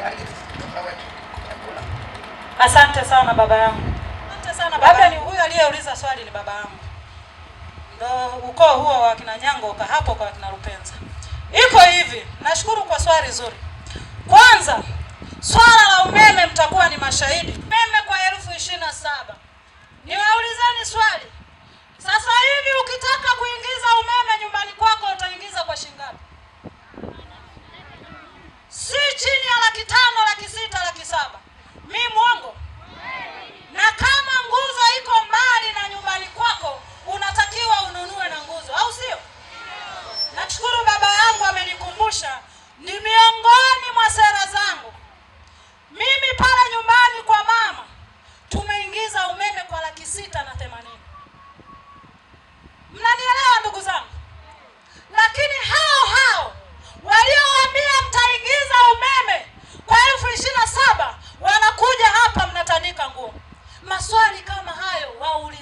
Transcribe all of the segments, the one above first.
Yaani, Asante sana baba yangu. Asante sana baba. Labda ni huyo aliyeuliza swali ni baba yangu. Ndio ukoo huo wa kina Nyangoka hapo kwa kina Rupenza. Iko hivi, nashukuru kwa swali zuri. Kwanza, swala la umeme mtakuwa ni mashahidi. Umeme kwa elfu ishirini na saba. Niwaulizeni swali. Sasa hivi ukitaka kuingiza umeme nyumbani kwako utaingiza kwa shilingi ngapi? chini ya laki tano, laki sita, laki saba. Mi mwongo? Na kama nguzo iko mbali na nyumbani kwako, unatakiwa ununue na nguzo, au sio? Nashukuru baba yangu amenikumbusha, ni miongoni mwa sera zangu mimi. Pale nyumbani kwa mama tumeingiza umeme kwa laki sita na themanini. maswali kama hayo waulize.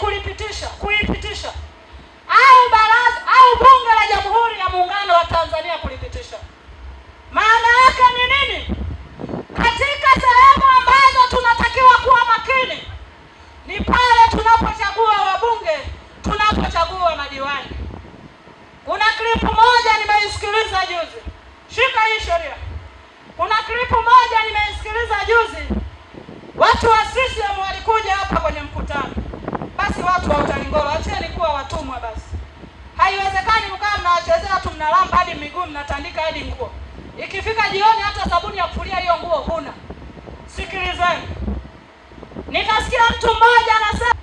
kulipitisha kuipitisha au baraza au bunge la Jamhuri ya Muungano wa Tanzania kulipitisha. Maana yake ni nini? Katika sehemu ambazo tunatakiwa kuwa makini ni pale tunapochagua wabunge, tunapochagua madiwani. Kuna klipu moja nimeisikiliza juzi, shika hii sheria. Kuna klipu moja nimeisikiliza juzi, watu wa CCM walikuja hapa kwenye mkutano basi watu wa utalingolo, acheni kuwa watumwa basi. Haiwezekani mkaa mnawachezea tu mnalamba hadi miguu, mnatandika hadi nguo, ikifika jioni hata sabuni ya kufulia hiyo nguo huna. Sikilizeni, nikasikia mtu mmoja anasema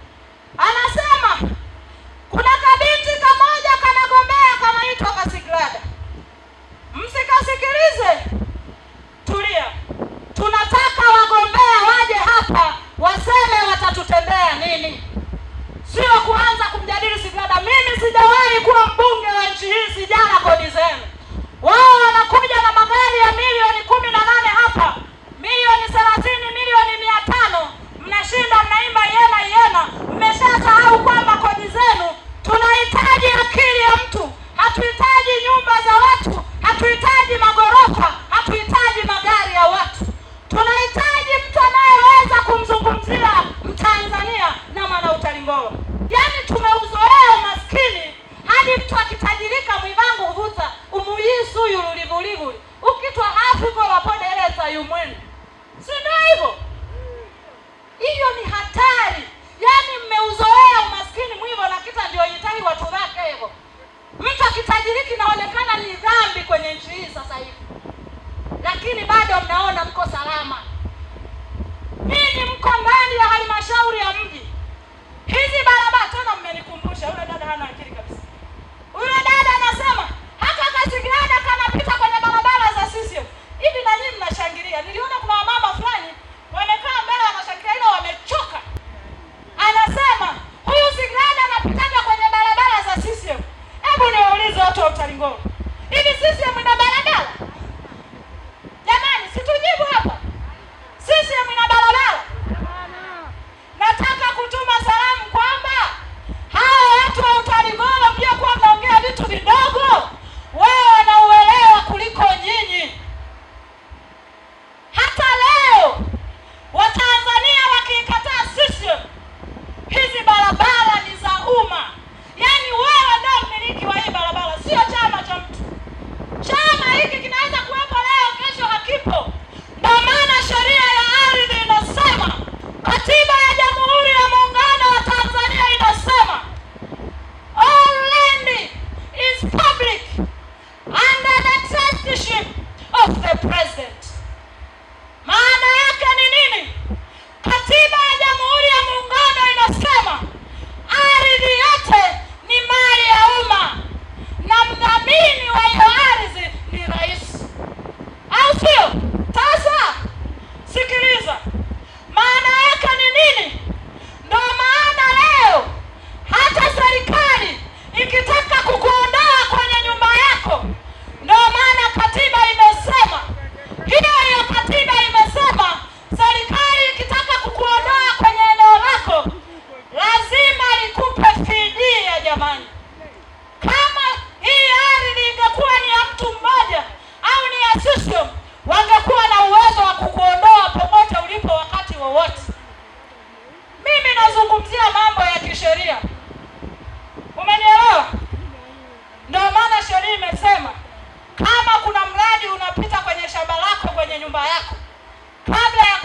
huko wapodereza yumwene, si ndio hivyo? Hiyo ni hatari. Yaani mmeuzoea umaskini mwivo na kita ndio yitahi watu wake hivyo. Mtu akitajiri kinaonekana ni dhambi kwenye nchi hii sasa hivi, lakini bado mnaona mkosa Pablo